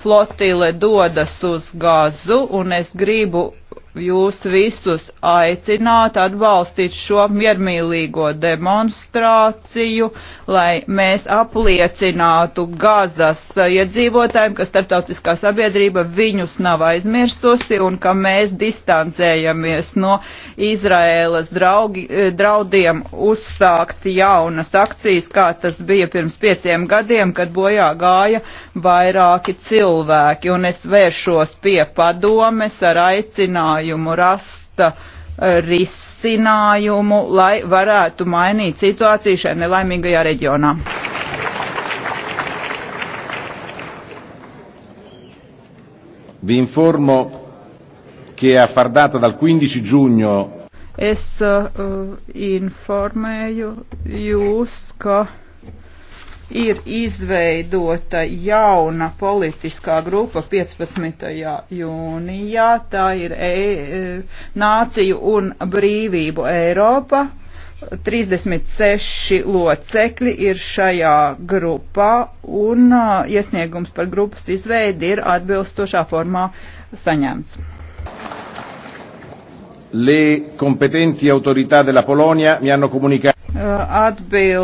flotile dodas uz gazu, un es gribu jūs visus aicināt atbalstīt šo miermīlīgo demonstrāciju, lai mēs apliecinātu Gazas iedzīvotājiem, ka starptautiskā sabiedrība viņus nav aizmirstusi un ka mēs distancējamies no Izraēlas draugi, eh, draudiem uzsākt jaunas akcijas, kā tas bija pirms pieciem gadiem, kad bojā gāja vairāki cilvēki. Un es vēršos pie padomes ar aicinājumu risinājumu, rasta e, risinājumu, lai varētu mainīt situāciju šajā nelaimīgajā reģionā. Vi informo che a far data dal 15 giugno Es uh, e, informēju jūs, ka ir izveidota jauna politiskā grupa 15. jūnijā. Tā ir e, Nāciju un brīvību Eiropa. 36 locekļi ir šajā grupā un uh, iesniegums par grupas izveidi ir atbilstošā formā saņemts. Le competenti autorità della Polonia mi hanno comunicato. Uh, atbild